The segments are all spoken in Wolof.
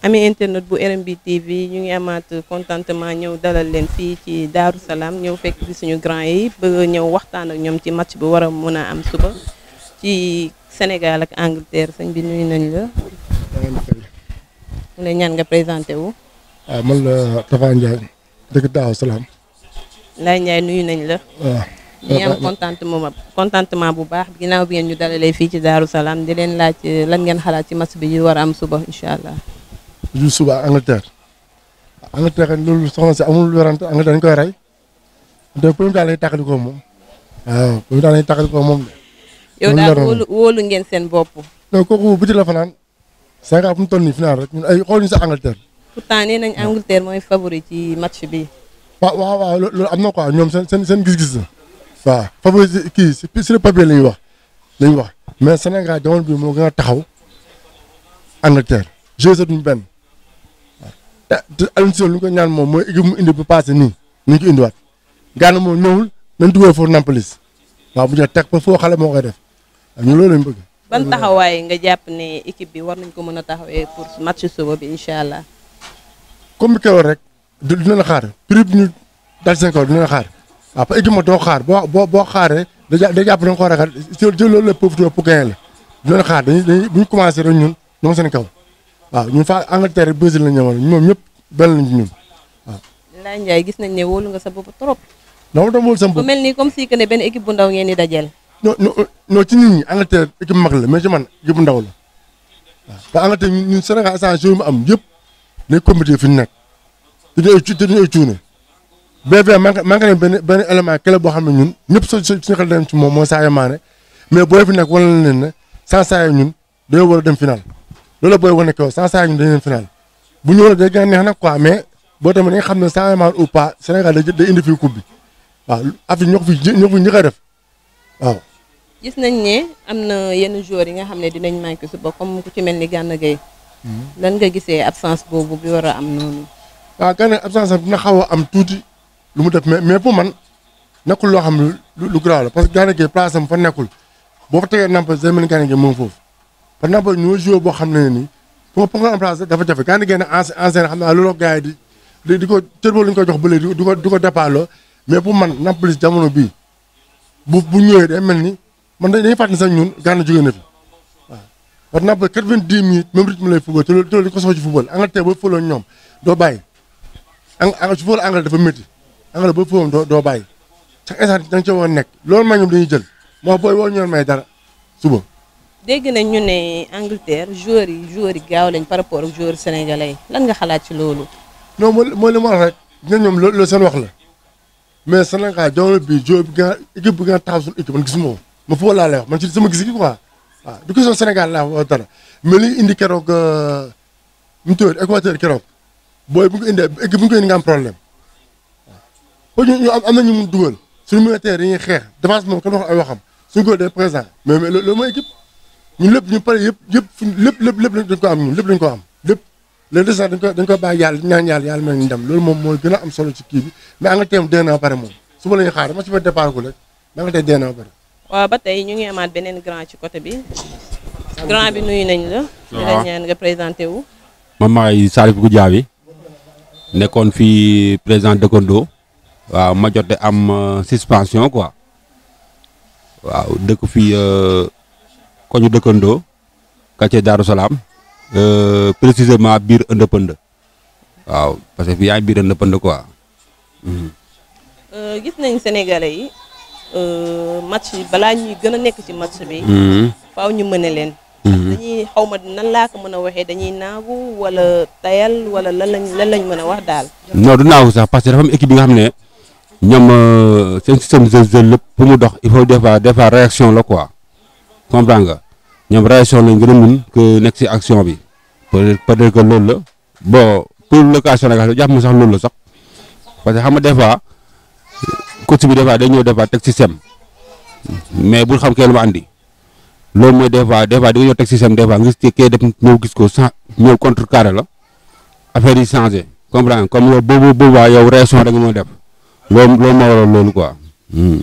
amee internet bu RMB TV ñu ngi amaat contentement ñëw dalal leen fi ci Daru Salam ñëw fekk ci suñu grand yi bëgg ñëw waxtaan ak ñom ci match bu wara mëna am suba ci Sénégal ak Angleterre señ bi nuyu nañ la. mu lay ñaan nga présenté wu. ah man la Tafa Ndiaye dëkk Daaru Salam Lay ñay nuyu nañ la. Ah. ñi am contentement contentement bu baax ginaaw bi ngeen ñu dalalé fi ci Daru Salam di leen laacc lan ngeen xalaat ci match bi yu wara am suba inshallah ju suba Angleterre Angleterre loolu soxna si amul werante Angleterre dañ koy rey te premier daal lay tàqali ko moom waaw premier daal lay tàqali ko moom de. yow daal wóolu ngeen seen bopp. non kooku biti la fanaan Sénégal fu mu toll nii rek ñun ay xool ñu sa Angleterre. pourtant nee nañ Angleterre mooy favori ci match bi. waaw waaw waaw loolu am na quoi ñoom seen seen seen gis-gis la. waaw kii si sur le la ñuy wax la wax mais Sénégal jamono bi moo gën a taxaw Angleterre jeu sa duñ benn. Eh, te Alioune Seye lu ko ñaan moom mooy équipe mu indi bu passé nii ñu ngi ko indiwaat Gana moom ñëwul nañ dugal foofu Nampalys waaw bu ñu teg ba foo xale moo koy def ah, ñu loolu lañ bëgg. ban taxawaay nga jàpp ne équipe bi war nañ ko mën a taxawee pour match suba bi allah. comme bi keroog rek dina la xaar prix bi ñu dal seen kaw dina la xaar waaw ah, parce que ma doo xaar boo boo boo xaaree dajaa da jàpp da nga ko ragal ci loolu la profité pour gagner la dina la xaar dañuy dañuy ñu commencé rek kaw. waaw ñun fa Angleterre Brésil la ñu ñëwal ñoom ñëpp benn lañ ci ñun waaw. Laye gis nañ ne wóolu nga sa bopp trop. non ma doon wóolu sama bopp ku mel benn équipe bu ndaw ngeen di dajeel. non non non ci mag la mais ci man équipe bu ndaw la waaw te Angleterre ñun Sénégal échange yi am yëpp day compété fi ñu nekk te ñu ay te ñu ay cuune. boo xam ne ñun ñëpp suñu suñu xel dem ci moom mooy Sadio Mané mais boo fi nekk leen ne sans Sadio ñun dañoo war a dem final. loolu booy wane ko sans saa ñu dañu leen bu ñëwoon day gën a neex nag quoi mais boo tamit da xam ne sans maanaam ou pas Sénégal day day indi fii coupe bi waaw affaire ñoo ko fi ñoo a def waaw. gis nañ ne am na yenn joueurs yi nga xam ne dinañ manqué suba comme ku ci mel ni Gana Gueye. Hmm. lan nga gisee absence boobu bi war a am noonu. waaw Gana absence am dina xaw a am tuuti lu mu def mais mais pour man nekkul loo xam lu lu grave la parce que Gana Gueye place am fa nekkul boo fa tegee Nampalys day mel ni Gana moom foofu. parce que Napoli ñoo joué boo xam ne ni pour pour nga remplacer dafa jafe gaa yi génne ancien xam naa looloo gars di di ko cër boobu la ñu ko jox ba léegi di ko di ko dépaaloo mais man Napoli jamono bii bu bu ñëwee day mel ni man dañuy fàttali sax ñun gànn jógee na fi waaw. parce que Napoli 90 minutes même rythme lay football te loolu te loolu di ko soxla ci football Angleterre booy fóoloon ñoom doo bàyyi ang ang su fóoloon Angleterre dafa métti Angleterre booy fóoloon doo doo bàyyi chaque instant da nga ca war a nekk loolu mooy ñoom moo booy woo ñu may dara suba. dégg nañ ñu ne Angleterre yi joueurs yi gaaw lañ par rapport ak joueurs sénégalais yi nga xalaat ci loolu. non mooy li ma wax rek ñun ñoom loolu seen la mais Sénégal jamono bii joueur bi nga équipe bi nga taxaw suñu équipe man gisuma ko ma foofu laa ci sama gis gi quoi waaw du question Sénégal la wax dara mais indi keroog euh, mu tudd Équateur keroog booy bu ñu ko indee équipe bu ñu ko indi nga am problème waaw ñu am na ñu mun dugal suñu militaire yi ñuy xeex défense moom kenn wax ay waxam suñu góor day présent mais mais loolu mooy équipe. ñun lépp ñu pare yëpp yëpp lépp lépp lépp dañ ko am ñun lépp dañ ko am lépp le des dañ ko dañ ko bàyyi yàlla ñaan yàlla yàlla mel ni dem loolu moom mooy gën a am solo ci kii bi mais Angleterre deux ans pare moom suba la ñuy xaar ma si ba départ ko rek Angleterre deux ans pare waaw ba tey ñu ngi amaat beneen grand ci côté bi grand bi nuyu nañ la ah. di la ñaan nga présenté wu man maay Salif Goudiaby nekkoon fii président Dekondo waaw ma jote am euh, suspension quoi waaw dëkk fii euh, koñu dëkkandoo quartier Darou Salaam euh, précisément biir ëndëpënd waaw parce que fii yaa ngi biir ëndëpënd quoi. Hmm. Euh, gis nañ Sénégalais yi euh, match yi balaa ñuy gën a nekk ci match bi. Hmm. faaw ñu mën a leen. Hmm. dañuy xaw ma nan laa ko mën a waxee dañuy naagu wala tayal wala lan lañ lan lañ mën a wax daal. non du naagu sax parce que dafa am équipe bi nga xam ne ñoom seen système de jeu lépp pour mu dox il faut des fois des fois réaction la quoi. comprends nga ñoom réaction lañ gën a mun nekk si action bi peut-être que loolu la bon pour le cas Sénégal jàpp ma sax loolu la sax parce que xam nga des fois coach bi des fois day ñëw des fois mais bul xam kenn ma andi loolu mooy des fois des fois di nga ñëw teg système des fois nga gis def ñëw gis ko sans ñëw contre carré la affaire yi changé comprends comme yow boobu boobu yow réaction rek nga mën a def loolu loolu moo waral loolu quoi. Hmm.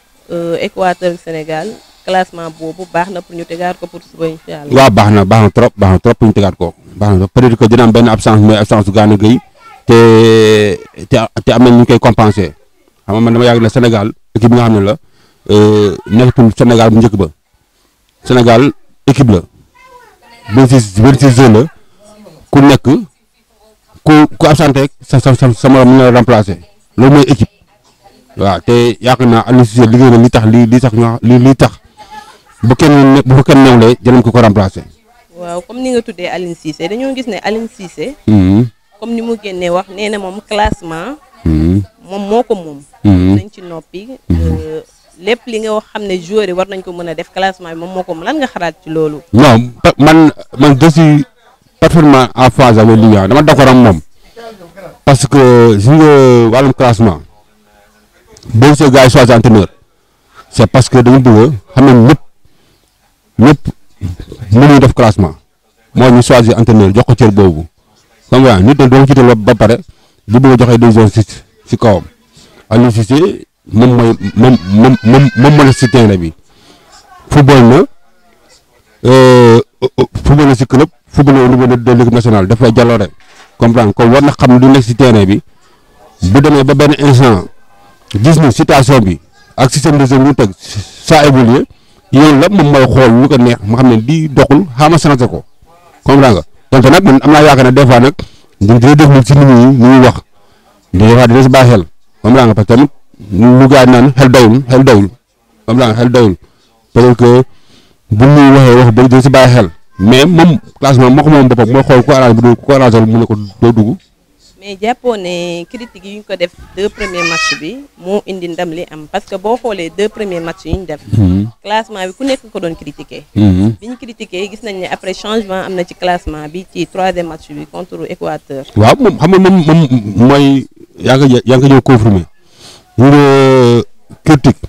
Euh, Équateur Sénégal classement boobu baax na pour ñu tegaat ko pour suba incha allah. waaw baax na baax na trop baax na trop pour ñu tegaat ko baax na peut-être que dina am benn absence mooy absence su Gana Gueye te te te am na ñu koy compenser xam nga man dama yàgg na Sénégal équipe bi nga xam ne la euh, nekkatul Sénégal bu njëkk ba Sénégal équipe la vingt-six vingt-six zone la ku nekk ku ku absenté sa sa sa sa mën a remplacer loolu mooy équipe. waaw te yaakaar naa Aliou Cissé liggéey na li tax li li tax ñu li li tax bu kenn ne bu kenn nawlee jëlem ko ko remplacer. waaw comme ni nga tuddee Aliou Cissé dañoo gis ne Aliou Cissé. Hmm. comme ni mu génnee wax nee na moom classement. Hmm. moom moo ko moom. Hmm. nañ ci noppi. Euh, lépp li nga wax xam ne joueur yi war nañ ko mën a def classement bi moom moo ko lan nga xalaat ci loolu. non man man je suis parfaitement en phase avec lui dama d'accord moom parce que si nga wàllum classement. boo gisee gars yi choisir entraîneur c'est parce que dañu bugg xam ne ñëpp ñëpp mënuñu def classement moo ñu choisir entraîneur jox ko cër boobu comme waaye nit ñi doon jiital ba pare di bëgg a joxe décision si si kawam Aliou Cissé moom mooy moom moom moom moom moo la si terrain bi football na euh, football na si club football na au niveau de l'équipe nationale dafay jaloore comprendre kon war na xam lu nekk si terrain bi bu demee ba benn instant. gis na situation bi ak système de gestion bi teg saa évolué yoon la moom mooy xool lu ko neex ma xam ne di doxul xaama changé ko comprends nga donc nag man am naa yaakaar ne des fois nag ñun dina def lu ci nit ñi ñu wax des fois dina si bàyyi xel comprends nga parce que tamit lu gars naan xel doyul xel doyul comprends nga xel doyul peut-être que bu ñu waxee wax ba dina si bàyyi xel mais moom classement moo ko moom boppam mooy xool ko arrange bu dul ko arrangé mu ne ko doo dugg mais japonais critique critiques ko def deux premiers matchs bi mo indi ndam li am parce que bo xolé deux premiers matchs yi def. Mhm. classement bi ku nek ko don critiquer mhm. bi critiquer gis nañ après changement amna ci classement bi ci troisième match bi contre l'équateur waaw mom xam nga mom moy mooy yaa ngi ñu euh, critique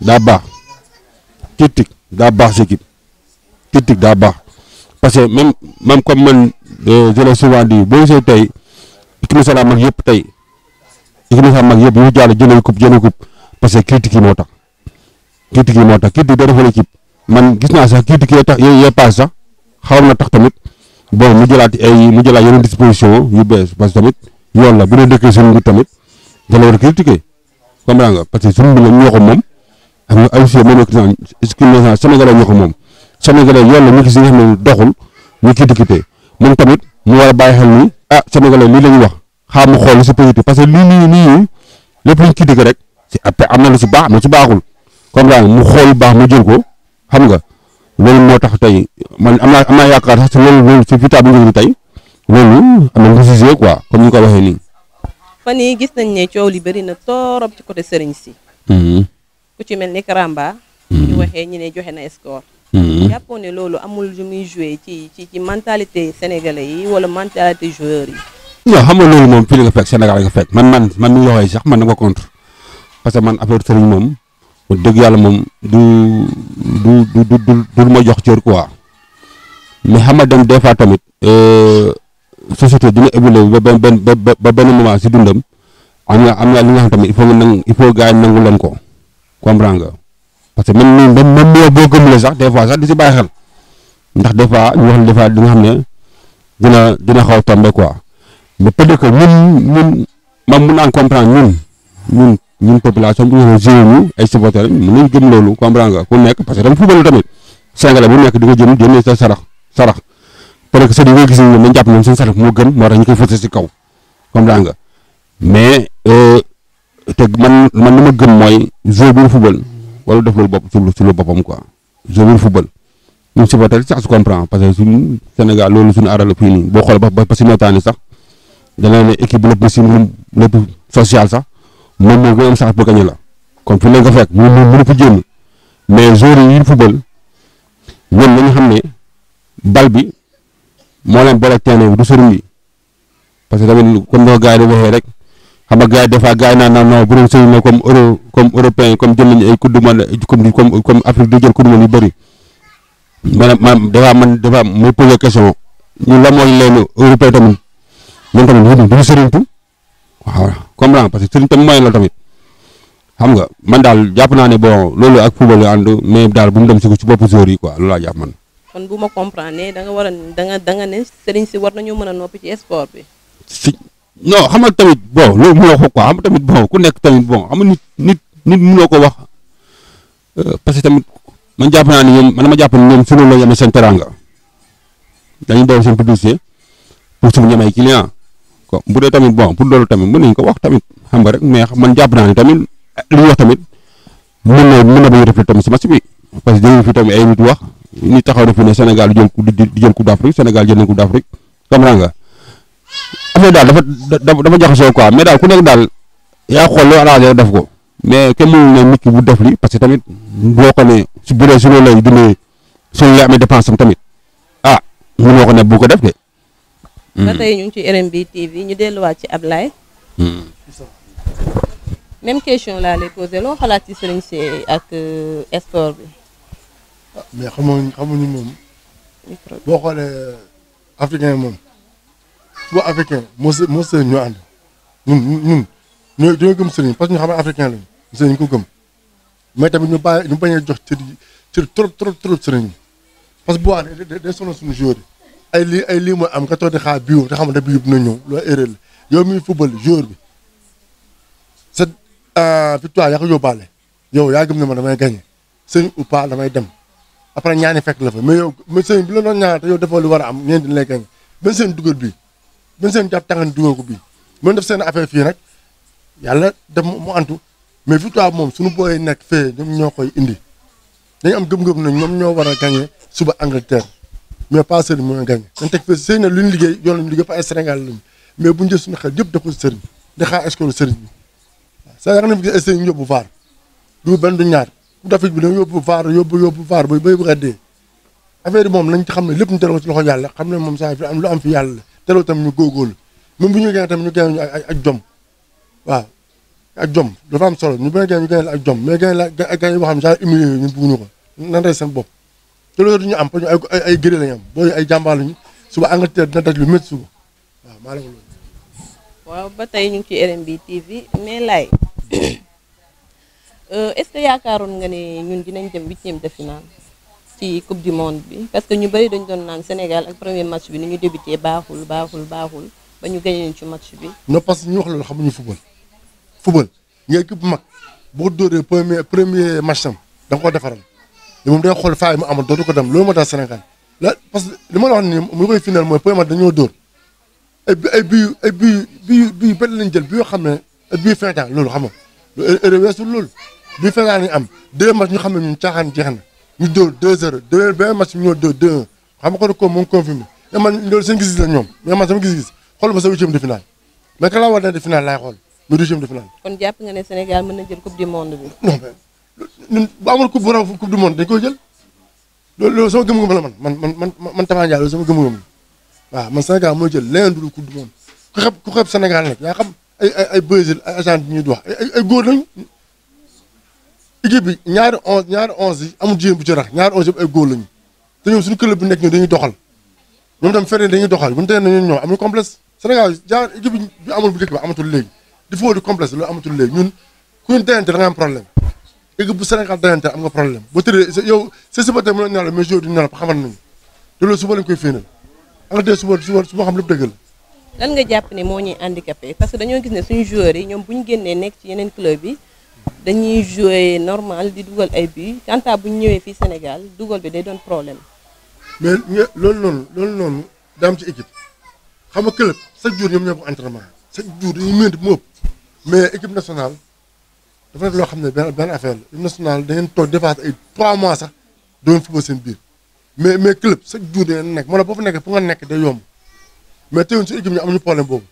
d'abord ba critique d'abord c'est si équipe critique d'abord ba parce que même même comme man euh, je l'ai souvent dit bo gisee tay équipe nationale mag yëpp tey équipe nationale mag yep yu jall jëlé coupe jëlé coupe parce que critique yi motax critique yi motax critique da defal équipe man gis na sax critique yee tax yé pas sax xawoon na tax tamit bo mu jëlaat ay mu jëla yeneen disposition yu bees parce que tamit yoon la bu dee dëkk suñu mbir tamit da la war a critiquer comprendre nga parce que suñu mbir ñoo ko moom xam nga ay monsieur moom la Sénégalais ñoo ñoko mom Sénégalais yoon la ñu gis ñu xam doxul ñu critiquer moom tamit mu wara baye xel ni ah Sénégalais lii la ñu wax xaar mu xool si positif parce que lii nii nii lépp luñ ci rek am na lu si baax am na baaxul comme daal mu xool baax mu jël ko xam nga loolu moo tax tey man am naa am naa yaakaar sax si loolu loolu si vita bu njëkk tey loolu am na lu si joué quoi ni ko waxee nii. fan yii gis nañ ne coow li bëri na torop ci côté sëriñ si. Hmm. ku ci mel ni Karamba. Hmm. ñu waxee ñu ne joxe na score. Hmm. jàppoon ne loolu amul lu muy joué ci ci ci mentalité sénégalais yi wala mentalité joueurs yi. Ya, xam nga mom pilih efek la nga efek, Sénégal nga fekk man man man mi loxoy sax man dama contre parce que man affaire sëriñ mom wax dëgg mom du du du du du ma jox cër quoi mais xam dem des fois tamit euh, société dina évoluer ba ben ba ben moment si dundam am na am na li nga xam tamit il faut nga nangu il faut gars yi nangu leen ko comprendre nga parce que même même même moo boo gëmulee sax des fois sax di si bàyyi xel ndax des fois ñu wax des fois di nga xam dina dina xaw a tombé quoi. ba peut-être que ñun ñun man mun naa comprendre ñun ñun ñun population bu ñu jeunes ay supporters mën nañ gëm loolu nga ku nekk parce que dama football tamit Sénégalais bu nekk di ko jëm jëndee sa sarax sarax peut-être que sa di nga gis ñoom dañ jàpp ñoom sarax moo gën moo tax ñu koy fësal si kaw comprendre nga mais euh, te man man li ma gëm mooy joueur bu football wala def loolu bopp ci lu boppam quoi joueur bu football ñun supporters sax su comprendre parce que suñu Sénégal loolu suñu aaralu fii nii boo xoolee ba ba si nootaani sax. danaa ne équipe bi lépp si moom lépp social sax moom moo gën am sax pour gagner la comme fi lañ ko fekk moom moom mënu fi génn mais joueurs yi football ñoom nañu xam ne bal bi moo leen boole terrain bi du sëriñ bi parce que tamit comme ni ko gars yi di waxee rek xam nga gars yi des fois gars yi naan naan non bu doon sëriñ la comme euro comme européen comme jël nañu ay coupe du monde comme comme comme Afrique di jël coupe du monde ma bëri maanaam maanaam dafa man dafa may poser question ñu la mooy leen européen tamit. moom tamit mu dul sëriñtu waaw comprendre parce que sëriñ tamit mooy la tamit xam nga man daal jàpp naa ne bon loolu ak football ànd mais daal bu mu dem si ci bopp joueur yi quoi loolu laa jàpp man. kon bu ma comprendre ne da war a da da nga ne sëriñ si nañoo mën a noppi ci sport bi. si non xam nga tamit boo loolu mënoo ko quoi xam tamit bon ku nekk tamit boo xam nga nit nit nit mënoo ko wax euh, parce que tamit man jàpp naa ne ñoom man ma jàpp ne ñoom su loolu la yemee seen teranga dañuy daw seen publicité pour suñu ñemee client ko bu dee tamit bon pour loolu tamit mën nañ ko wax tamit xam nga rek mais man jàpp naa ne tamit li ñu wax tamit mën na mën na bañ a refléter tamit que jël fi tamit ay nit wax ni taxaw na fi ne Sénégal di jël di jël coupe d'Afrique Sénégal jël daal dafa dafa jaxasoo quoi mais daal ku nekk daal yaa xool loo arrangé def ko mais kenn mënul ne nit ki bu def li parce que tamit boo ko ne su bu dee su loolu lay dundee su loolu lay amee dépense am tamit ah mënoo ko ne bu ko def de Mm. ba tey ñu ngi ci RMB TV ñu delluwaat ci ab Ablaye. Mm. même question laa lay posé loo xalaat ci Serigne si ak euh, sport bi. ah mais xamuñu xamuñu moom. boo xoolee euh, africain moom boo africain moo se moo sëriñ ñoo ànd ñun ñun ñoo dañoo gëm sëriñ parce ñu xam ne africain lañu sëriñ ko gëm mais tamit ñu bàyyi ñu bañ a jox cër yi cër trop trop trop sëriñ parce que bu baax day sonal suñu joueur ay lii ay lii mooy am nga toog di xaar bii te xam ne bii dina ñëw loolu erreur la yow miy football joueur bi sa ah, victoire yaa ko yóbbaale yow yaa gëm ne ma damay gagné sëñ ou pas damay dem après ñaani fekk la fa mais yow mais sëñ bi la doon ñaan te yow defoo li war a am ñeen dina lay gagné benn seen dugal bii benn seen jàpp tàngan dugal ko bii mën def seen affaire fii rek yàlla def mu antu mais victoire moom sunu booyee nekk fee ñoom ñoo koy indi dañu am gëm-gëm na ñoo war a gagné suba Angleterre mais pas sëriñ mooy gagné dañ teg fa sëy na lu ñu liggéey yoon la ñu liggéey fa ay Sénégal lañu mais bu ñu jël suñu xel yëpp def ko sëriñ di xaar école sëriñ bi waaw sa yaakaar na fi gis ay sëriñ ñu yóbbu vaar du benn du ñaar bu dafit bi dañ yóbbu vaar yóbbu yóbbu vaar ba bay bëgg a dee affaire bi moom nañ ci xam ne lépp ñu teloo ci loxo yàlla xam ne moom saa fi am lu am fi yàlla la teloo tam ñu góogóorlu même bu ñu gagné tam ñu gagné ñu ak jom waaw ak jom dafa am solo ñu bu ñu gagné ñu gagné la ak jom mais gagné la ak gagné boo xam ne genre humilié ñu bugguñu ko nan rey seen bopp te loolu ñu am parce que ay ay gëré lañu am booy ay jàmbaar lañu suba Angleterre dina daj lu métti suba waaw maa la ko loolu. waaw ba tey ñu ngi ci RMB TV mais laay euh, est-ce yaakaaroon nga ne ñun dinañ dem huitième de finale ci coupe du monde bi parce que ñu bëri dañ doon naan Sénégal ak premier match bi ni ñu débuté baaxul baaxul baaxul ba ñu gagné ci match bi. non parce que ñu wax loolu xamuñu football football nga équipe mag boo dóoree premier premier match am da nga ko moom day xool faay mu amoon dootu ko dem loolu moo tax Sénégal la parce que li ma la wax nii mu koy final mooy premier dañoo dóor bii bii bii bii jël bi yoo xam ne ay bii fin temps loolu xam nga lu heure weesul loolu am deux xam ne ñun caaxaan jeex na ñu dóor deux heures deux benn match ñu ñoo dóor deux la ñoom mais man ma sa huitième de finale mais ka laa war na de finale laay xool mais du kon jàpp nga ne Sénégal mën na jël coupe du monde bi. ñun bu amoon coupe bu raw coupe du monde dañ koy jël loolu loolu sama gëm-gëm la man man man man man Tapha Ndiaye loolu sama gëm-gëm la waaw man senegal mooy jël leneen dul lu du monde ku ko ku xeeb Sénégal nag yaa xam ay ay ay Brésil ay Argentine ñuy wax ay ay góor lañu bi ñaari onze ñaari onze yi amul jigéen bu ci rax ñaari onze yëpp ay góor lañu te ñoom suñu club bi nekk ñoom dañuy doxal ñoom tam feneen dañuy doxal bu ñu tee na ñoom am na complexe Sénégal jaar équipe bi amul bu njëkk ba di foo di complexe loolu amatul léegi ñun ku ñu da nga am problème équipe bu Sénégal dayante am nga problème boo tëddee yow sa suba tey mën na nelaw mais jour la nga jàpp ne moo ñuy handicapé parce que dañoo gis ne suñu joueurs yi ñu génnee nekk ci yeneen club yi dañuy jouer normal di dugal ay buts quant bu ñu ñëwee fii Sénégal dugal bi day doon problème mais loolu noonu loolu noonu daa am xam nga club chaque jour ñoom ñoo ko entraînement chaque jour dañuy mënti mu ëpp mais équipe nationale dafa def loo xam ne benn benn affaire la hymne national dañu toog defaat ay 3 mois sax doon football seen biir mais mais club chaque jour dañu nekk moo la boo fa nekk fu nga nekk day yomb mais teewuñ si équipe ñu amuñu problème boobu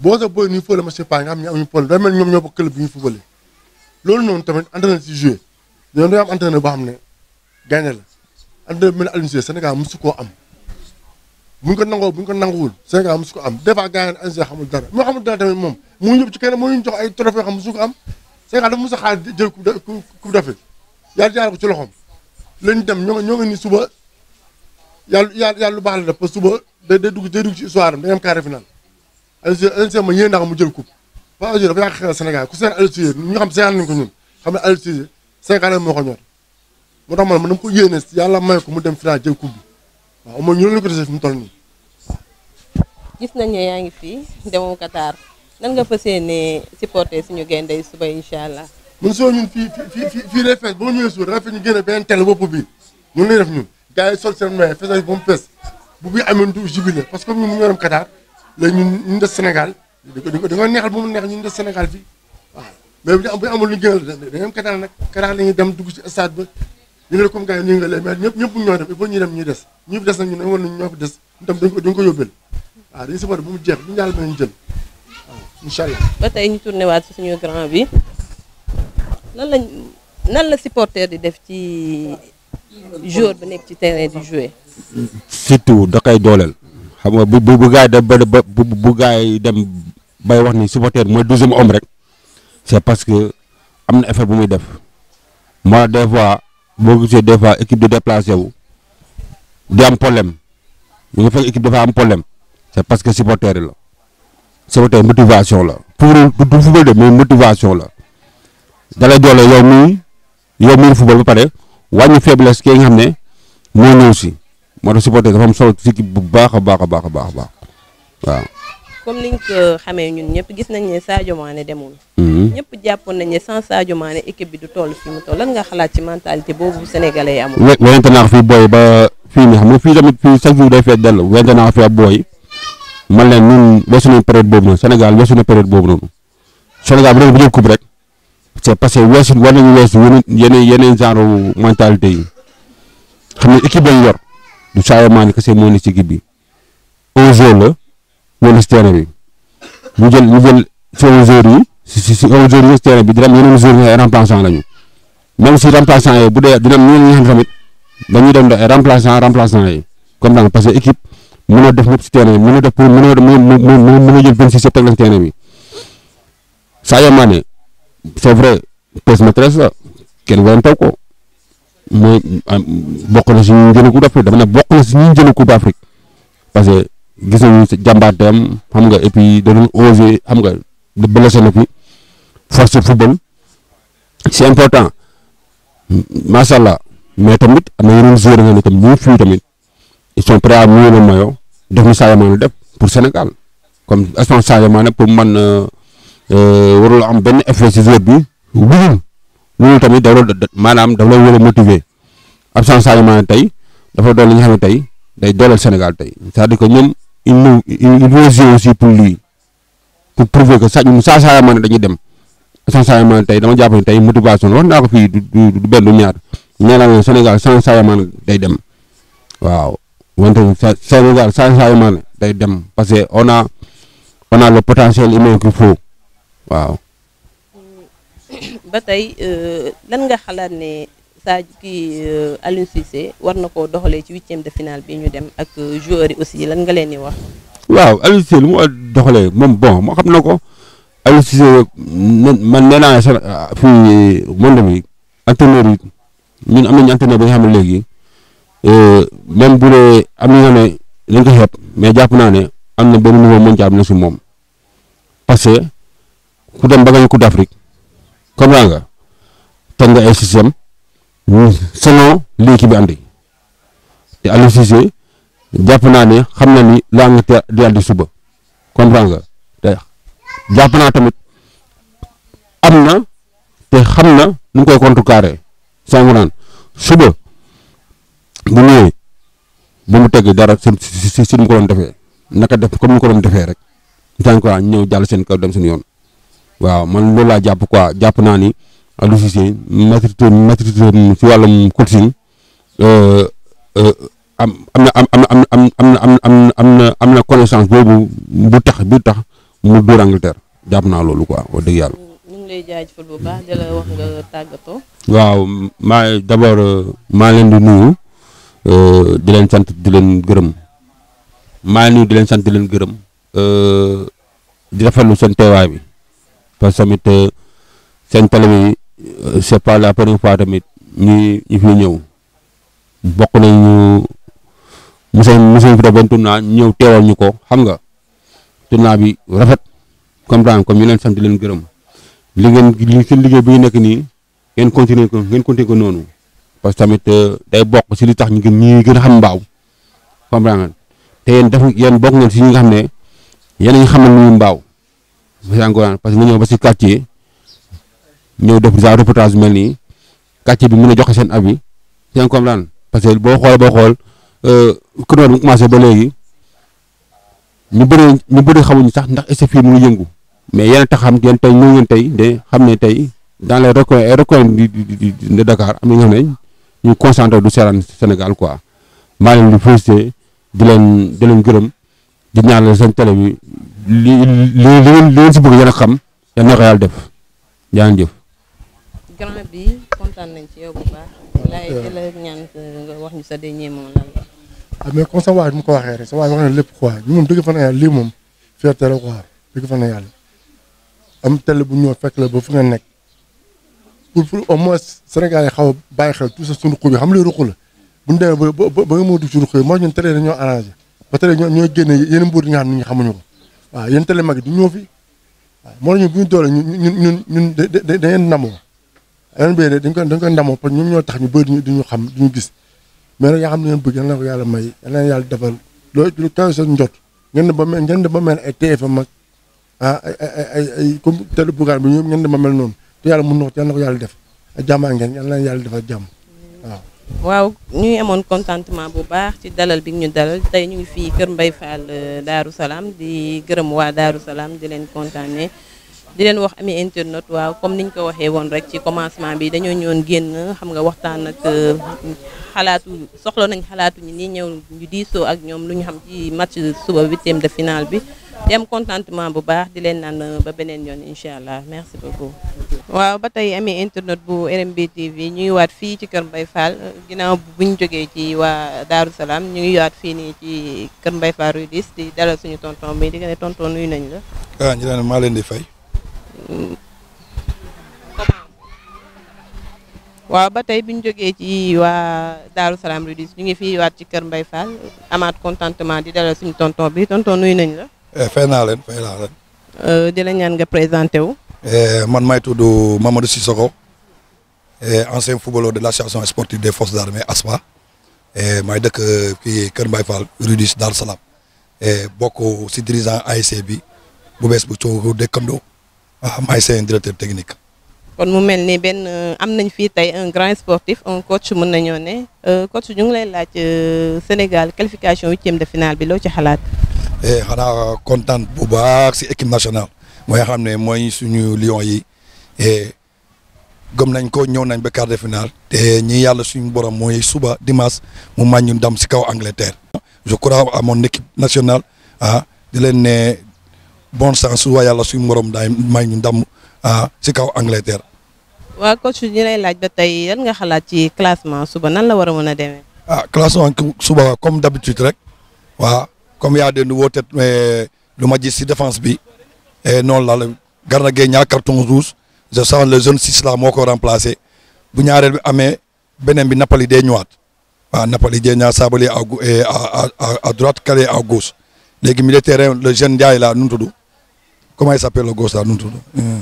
boo sa booy ñu fële ma pas nga am ñu amuñu problème day mel ñoom ñoo bokk club bi ñu footballé loolu noonu tamit entraîneur si joué ñoom dañoo am entraîneur boo xam ne gagné la entraîneur mel Aliou Cissé Sénégal mosu koo am buñ ko nangoo buñ ko nanguwul Sénégal mosu ko am des fois gars yi Aliou xamul dara moo xamul dara tamit moom mu ngi yóbbu ci kenn moo ñu jox ay trophée xam mosu ko am Sénégal dafa mos a xaar jël coupe d'Afrique yàlla jaar ko ci loxoom lañ dem ñoo ñoo ngi ni suba yàlla yàlla lu baax la def suba day day dugg day dugg ci histoire am ma yéen ndax mu jël coupe Papa Aliou dafa yàq xel ku seen Aliou Cissé ñu xam Sénégal nañ ko ñun xam ne Aliou Cissé Sénégal moo ko ñor moo tax man dama ko yéene yàlla may ko mu dem final jël coupe bi waaw ñu loolu ko dese fi mu toll nii. gis nañ yaa ngi fii demoo Qatar. nan nga fas yéenee supporter suñu gaynde yi suba incha allah. mun soo ñun fii fii fii fii lay fees boo ñu génne benn tel bopp bi ñun lay def ñun gars yi fees ba mu fees bu bi amee du jubilé que comme ñun mu yoroon Qatar léegi des Sénégal di ko di ko neexal ba mu neex ñun des Sénégal fii waaw mais bu ñu am bu ñu amul lu dem Qatar nag Qatar la dem dugg ci stade ba ñu ne comme ñu ngi lay ñëpp ñëpp ñoo dem il ñu dem ñuy des ñuy des nag ñun dañu war nañu ñoo ko des ñu tam ko yóbbeel dañu si bu mu jeex bu ñu yàlla mën jël inchallah ba de tourner tourné suñu grand bi nan la supporter di def ci jour bu ci terrain jouer. da xam nga bu bu dem bay wax ni supporter homme c'est parce que je effet bu muy def moi des fois des fois di di am problème c'est parce que supporter sama tey motivation la pour du football la dalay doole yow muy yow muy football ba pare wàññi faiblesse kii nga xam ne moo ñëw si moo tax supporter dafa am solo si équipe bu baax a baax a baax a baax waaw. comme niñ ko xamee ñun ñëpp gis nañ ne Sadio Mané demul. Mm-hmm. ñëpp jàppoon nañ ne sans Sadio Mané équipe bi du toll fi toll lan nga xalaat ci mentalité boobu sénégalais amul. wé wérante naa ko fii booy ba fii nii xam nga fii tamit fii chaque jour day fee dellu wérante naa ko fii ak booy man leen ñun weesu nañ période boobu noonu Sénégal weesu na période boobu noonu Sénégal bu doon bu jël coupe rek c' est parce que weesu war nañu weesu yeneen yeneen genre mentalité yi xam ne équipe lañ yor du Sadio Mané kese moo ne ci équipe bi un jour la moo ne si terrain bi ñu jël ñu jël si un jour yi si si un jour bi dina am yeneen jour yi ay remplaçant lañu même si bu dee dina tamit dañuy dem de remplaçant remplaçant yi mënoo def ñëpp ci terrain bi def pour mënoo mënoo jël 26 yëpp teg leen si terrain bi Sadio Mané c'est vrai pèse maîtresse la kenn waroon taw ko mo bokk na ci ñu gëna ko dafa dama ne bokk na ci ñu jëlee ko d'Afrique parce que gis nañu jàmbaateem xam nga et puis da doon osé xam nga de blesser na fi force football c'est important macha allah mais tamit am na yeneen joueurs nga ne tam ñu fi tamit ils sont prêts à mouiller le maillot de Moussa Yamane Dep pour Sénégal comme instant Sadio Mané pour man euh, euh warul am ben effet ci joueur bi wuyum ñu tamit da la manam da la war motivé motiver absence Sadio Mané tey dafa doon li xamé tay day dooleel Sénégal tay ça dit que ñoom il nous il veut jouer aussi pour lui pour prouver que Sadio Moussa Sadio Mané dañuy dem sans Sadio Mané tay dama japp ne tey motivation wax naa ko fii du du benn ñaar nee Sénégal sans Sadio Mané day dem waaw wante Sénégal changement man day dem parce que on a on a le potentiel humain qu'il waaw. ba tey euh, lan nga xalaat ne Sadio kii euh, Aliou Cissé war na koo doxalee ci huitième de finale bi ñu dem ak euh, joueurs yi aussi lan nga leen di wax. waaw Aliou Cissé lu mu doxalee moom bon moo xam na ko Aliou man nee ah, fi monde bi entraîneur yi ñun am nañu entraîneur bi nga xam ne léegi. Euh, même bu dee am na nga ne dañ ko mais jàpp naa ne am na benn niveau mondial na si moom parce que ku dem ba nga Coupe d'Afrique comprends nga teg nga ay système selon l'équipe bi andi te Aliou Cissé jàpp naa ne xam na ni laa nga di àndi suba comprends nga te jàpp naa tamit am na te xam na nu mu koy contrecarrer soo ko suba. bu ñëwee bu mu tegg dara seen si si mu ko doon defee naka def comme ni ko doon defee rek tant que ñëw jàll seen kaw dem seen yoon waaw man loolu laa jàpp quoi jàpp naa ni Aliou Cissé maître maître si wàllum coaching euh, euh, am am am am am am am am am na am na connaissance boobu bu tax bu tax mu dóor Angleterre jàpp naa loolu quoi wax dëgg yàlla. ñu ngi lay jaajëfal bu baax di la wax nga tàggatoo. waaw maa d'abord euh, maa leen di nuyu. Euh, di leen sant di leen gërëm maa ngi di leen sant di leen gërëm euh, di rafetlu seen teewaay bi parce que tamit euh, seen télé bi c'est pas la première fois tamit ñi ñu fi ñëw bokk nañu monsieur monsieur fi def benn tournoi ñëw teewal ñu ko xam nga tournoi bi rafet comprendre comme ñu leen sant dileen leen gërëm li ngeen li seen liggéey bi ñu nekk nii ngeen continuer ko ngeen continuer ko noonu. parce que tamit euh, day bokk ci li tax ñu ñi gën a xam mbaaw comprendre nga te yéen def yéen bokk ngeen si ñi nga xam ne yéen a ngi xamal ñu mbaaw parce que nga ñëw ba si quartier ñëw def genre reportage mel nii quartier bi mun a joxe seen ab yi seen comprendre parce que boo xoolee boo xool euh, kuréel bu commencé ba léegi ñu bëri ñu bëri xamuñu sax ndax est fii mu yëngu mais yéen a tax xam yéen tey ñëw ngeen tey de xam ne tey dans les recoins et recoins de Dakar am na ñoo xam ne ñu concentré du seeraan Sénégal quoi maa leen di félicité di leen di leen gërëm di ñaanal seen télé bi li li li leen si bëgg yéen xam yal na ko yàlla def yaa ngi jëf. grand bi kontaan nañ ci yow bu baax. laay la ñaan wax ñu sa dernier moom la. ah mais comme sa mu ko waxee rek sa waay wax na lépp quoi ñu moom dëgg fa na yàlla lii moom fierté la quoi fekk la ba fu nga nekk. pour pour au moins Sénégal yi xaw a bàyyi xel tout ça suñu ruq bi xam nga ruq la bu ñu demee ba ba ba nga mën dugg ci ruq yi moo ñun télé dañoo arrangé ba télé ñoo ñoo génne yenn mbuur yi xam ko waaw yéen télé mag yi du ñoo fi waaw moo la ñu ñu ñun ñun ñun da dañeen namoo yeneen dañ ko dañ ko ndamoo parce ñoom ñoo tax ñu bëri duñu xam duñu gis mais nag yaa xam ne ngeen bëgg na ko yàlla may yal na yàlla defal loolu lu kawe seen njot ngeen ne ba mel ba mel ay TFM ak ah ay ay ay comme télé bugaan bi ñoom ngeen ne ba mel noonu te yàlla mën na ko yàlla na ko yàlla def jàmmaa ngeen yàlla na yàlla defal jàmm waaw. waaw ñuy amoon contentement bu baax ci dalal bi ñu dalal tey ñu ngi fii Kër Mbaye Fall euh, Darou Salaam di gërëm waa Darou Salaam di leen kontaanee di leen wax ami internet waaw comme niñ ko waxee woon rek ci commencement bi dañoo ñëwoon génn xam nga waxtaan ak euh, xalaatu soxla nañ xalaatuñu ñi nii ñëw ñu diisoo ak ñoom lu ñu xam ci match suba huitième de finale bi. di am contentement bu baax di len nan euh, ba benen yoon inshallah merci beaucoup. waaw batay tey internet bu RMB TV ñuy ngi waat fii ci Kër Mbaye Fall ginaaw bu joggé ci wa Daaru Salam ñuy ngi waat fi ni ci Kër Mbaye Fall rue 10 di dalal suñu tonton bi di nga tonton nuy nañ la. ah ñu naan maa leen di fay. waaw batay tey joggé ci wa Daaru Salam rue 10 ñu ngi fii waat ci Kër Mbaye Fall amaat contentement di dalal suñu tonton bi tonton nuy nañ la. Eh, fay naa leen fay naa leen. Euh, di la ñaan nga présenté wu. Eh, man maay tudd Mamadou Sissoko eh, ancien footballeur de l'association sportive des forces armées ASPA. maay dëkk euh, fii Kër Mbaye Fall rue du Dar Salam bokk si dirigeant ASC bi bu bees bu coow dëkkandoo ah maay seen directeur technique. kon mu mel ni benn euh, am nañ un grand sportif un coach mën nañoo ne coach ñu ngi lay laaj Sénégal qualification 8e de finale bi loo ci xalaat. Eh, xanaa kontaan bu baax si équipe nationale mooy xam ne mooy suñu lion yi eh, gëm nañ ko ñëw nañ ba quart de finale te ñi yàlla suñu borom mooy suba dimanche mu màññu ndam si kaw Angleterre. je crois à mon équipe nationale ah di leen ne bon sens waa yàlla suñu borom daay màññu ndam ah si kaw Angleterre. waa coach ñu lay laaj ba tey yan nga xalaat ci classement suba nan la war a mën a ah classement suba comme d'habitude rek comme il y a de nouveaux têtes mais le majesté défense bi non, là le Gana Gueye carton rouge je sens le jeune 6 là moo ko remplacé bu ñaarel bi amee bi Napoli dé ñuat wa Napoli dé ñaar à à droite calé à gauche Les milieu terrain le jeune est là nous, mu comment il s'appelle le gauche là nous, hmm.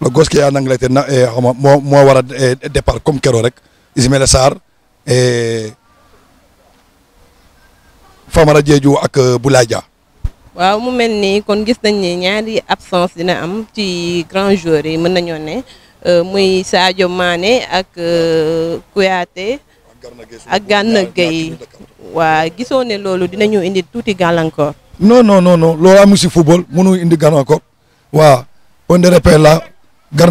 le gauche qui est en Angleterre moi moi Moi, départ comme kéro rek le sar et. Famara Diédhiou ak euh, Boulaye waaw mu mel ni kon gis nañ ni ñaari absence dina am ci grand joueur yi mën nañoo ne euh, muy Sadio maane ak euh, Kouyaté ak Gana Gueye waa gisoo ne loolu dinañu indi tuuti gàllankoor. non non non non loolu amul si football mënu indi gàllankoor waa on ne répète là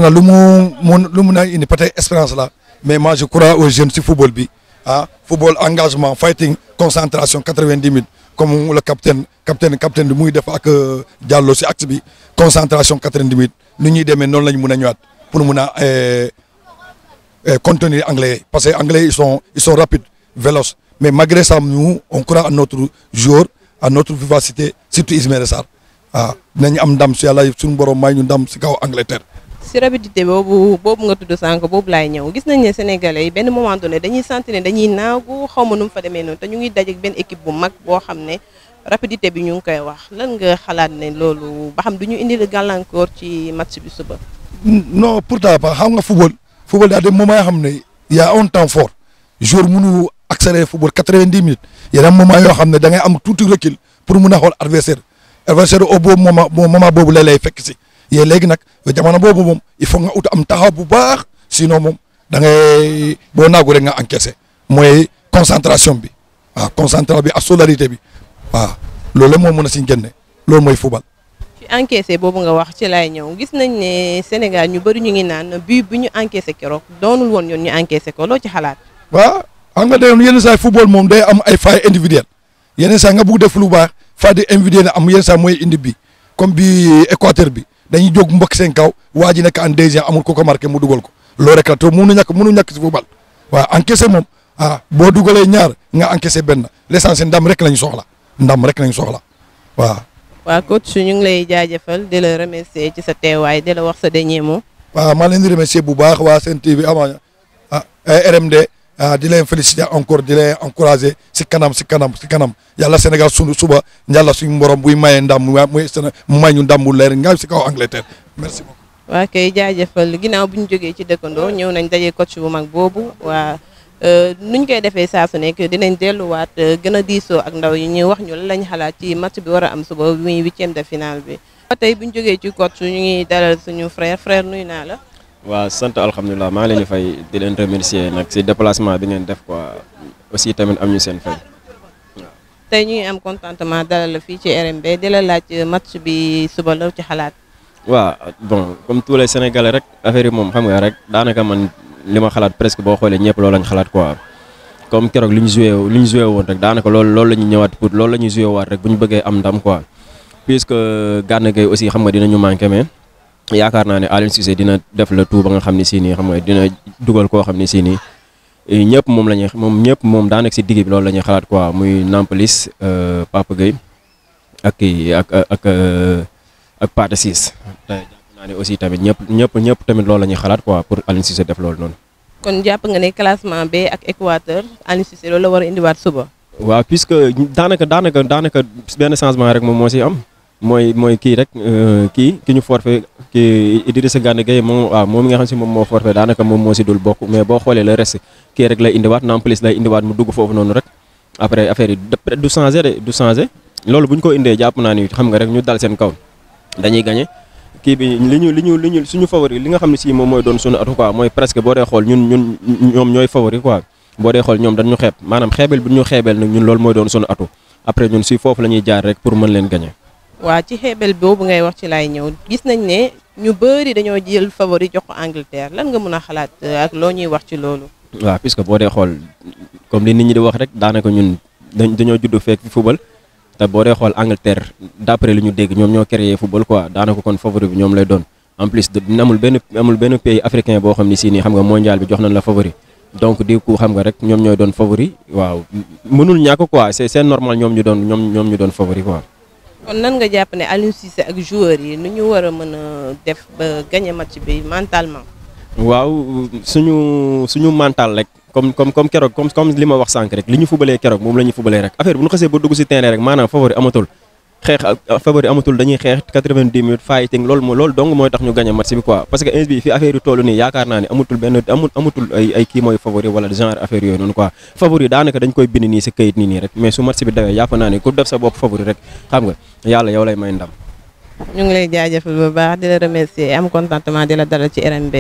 lu mu mun lu mu a indi peut-être expérience la mais moi je crois aux jeunes si football bi. ah football engagement fighting concentration quatre-vingt-dix minutes comme le capitaine capitaine capitaine bi muy def ak euh, Diallo si axe bi concentration quatre-vingt-dix nu ni ñuy demee noonu la ñu mun a ñëwaat pour mun a euh, euh, contenir anglais parce que anglais ils sont ils sont rapides véloces mais malgré ça nous on croit à notre joueur à notre vivacité surtout Ismaïla Sarr ah dinañ am ndam si yàlla suñu borom maay ñu ndam si kaw Angleterre. di te bobu bobu nga tuddu sank bobu lay ñew gis nañ ne sénégalais yi ben moment donné dañuy sentir ne dañuy naagu xaw nu mu fa démé non té ñu ngi ak ben équipe bu mag bo xamné ne rapidité bi ñu ngi koy wax lan nga xalaat né lolu ba xam duñu indi le galancor ci match bi suba. non pourtant pas xam nga football football da dem moment yoo xamné ya y' a un temps fort jour mënu accélérer football 90 minutes ya minutes moment yo xamné da ngay am tout recul pour mëna xol adversaire adversaire au bon moment moment bobu lay lay fekk si. yee léegi nag jamono boobu moom il faut nga ut am taxaw bu baax sinon moom da ngay boo naagu rek nga encaissé mooy concentration bi waaw concentration bi ak solidarité bi waaw loolu moo mën a si génne loolu mooy fubal. ci encaissé boobu nga wax ci laay ñëw gis nañ ne Sénégal ñu bari ñu ngi naan bii bi ñu encaissé keroog doonul woon yoon ñu encaissé ko loo ci xalaat. waaw xam nga day yenn saa football moom day am ay failles individuelles yenn saa bug bugg def lu baax failles individuelles am yenn saa mooy indi bi comme bi Équateur bi. dañuy jóg mbokk seen kaw waa ji nekk en deuxième amul ku ko marqué mu dugal ko loolu rek la te mënu ñàkk mënu ñàkk si football waaw encaissé moom ah boo dugalee ñaar nga encaissé benn l'essentiel ndam rek lañ soxla ndam rek lañ soxla waaw. waaw coach ñu ngi lay jaajëfal de la remercier ci sa teewaay de la wax sa dernier mot. waaw maa leen di remercier bu baax waa Sen TV a ah, ah eh, RMD. ah di leen féliciter encore di leen encourager si kanam si kanam si kanam yàlla Sénégal sunu suba yàlla suñu morom buy maye ndam muy mu may ñu ndam mu leer nga si kaw Angleterre merci beaucoup. waa kay jaajëfal ginnaaw bu ñu jogee ci dëkkandoo ñëw nañ daje coach bu mag boobu waa euh, nuñ koy defee saa su nekk dinañ delluwaat euh, gën a diisoo ak ndaw yi ñu wax ñu lan lañ xalaat ci match bi war a am suba muy huitième de finale bi. ba tey bu ñu jógee ci coach ñu ngi dalal suñu frère frère nuyu naa la. waaw sant alhamdulilah maa ngi leen di fay di leen nag si déplacement bi ngeen def quoi aussi tamit am ñu seen fay. tey ñuy am contentement dalal la fii ci RMB di la laaj match bi suba la ci xalaat. waaw bon comme tous les sénégalais rek affaire yi moom xam nga rek daanaka man li ma xalaat presque boo xoolee ñëpp loolu lañ xalaat quoi. comme keroog li ñu joué li ñu joué woon rek daanaka loolu loolu la ñuy ñëwaat pour loolu la ñuy joué waat rek bu ñu bëggee am ndam quoi puisque Gana aussi xam nga dinañu manqué mais. yaakaar naa ne alin Cissé dina def le tout ba nga xam ne xam nga dina dugal ko xam sini si mom ñëpp mom la mom moom ñëpp moom daanaka si digg bi loolu la ñuy quoi muy Nampalys euh, Papa gay ak ak ak ak Pathé Ciss te jàpp naa ne aussi tamit ñëpp ñëpp ñëpp tamit loolu la ñuy xalaat quoi pour Aliou Cissé def loolu noonu. kon jàpp nga ne classement B ak Équateur alin Cissé loolu la war indi indiwaat suba. wa puisque danaka danaka danaka ben changement rek mom mo ci am. mooy mooy kii rek euh, kii ki ñu forfait kii Idrissa Gana Gueye moom waaw moom moo nga xam si moom moo forfait daanaka moom moo si dul bokk mais boo xoolee le res kii rek lay indiwaat Nampalys lay indiwaat mu dugg foofu noonu rek après affaire yi du changé de loolu bu ñu ko indee jàpp naa ni xam nga rek ñu dal seen kaw dañuy gagné kii bi li ñu li ñu li ñu suñu favori li nga xam ne si moom mooy doon suñu atu quoi mooy presque boo dee xool ñun ñun ñoom ñooy favori quoi boo dee xool ñoom dañu xeeb maanaam xeebel bu ñu xeebel nag ñun loolu mooy doon suñu atu après ñun la ñuy jaar rek pour leen gagné waa ci xeebel boobu ngay wax ci laay ñëw gis nañ ne ñu bëri dañoo jël favori jox ko Angleterre lan nga mën a xalaat euh, ak loo ñuy wax ci loolu. waaw puisque boo dee xool comme li nit ñi di wax rek daanaka ñun dañoo judd fekk football te boo dee xool Angleterre d'après lu ñu dégg ñoom ñoo créé football quoi daanaka kon favori bi ñoom lay doon en plus amul benn amul benn pays africain boo xam ni si nii xam nga mondial bi jox nañ la favori. donc di ko xam nga rek ñoom ñooy doon favori waaw mënul ñàkk quoi c'est c'est normal ñoom ñu doon ñoom ñoom ñu doon favori quoi. kon nan nga jàpp ne Aliou Cissé ak joueurs yi nu ñu war a mën a def ba gagné match bi mentalement. waaw suñu suñu mental rek comme comme comme keroog comme comme li ma wax sànq rek li ñu fubalee keroog moom la ñu fubalee rek affaire bu ñu xasee ba dugg si terrain rek maanaam favori amatul. xeex ak euh, favori amatul dañuy xeex 90 minutes fighting lool moo loolu dong mooy tax ñu gagné match bi quoi parce que ins bi fi affaire yi toll nii yaakaar naa ne amatul benn amatul ay kii mooy favori wala genre affaire yooyu noonu quoi favori daanaka dañ koy bind nii si kayit nii nii rek mais su match bi dawee yàpp naa ne ku def sa bopp favori rek xam nga yàlla yow lay may ndam ñu ngi lay jaajëfal bu baax di la remercier am contentement di la dalal ci RMB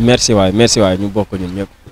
merci waay ñu bokk merci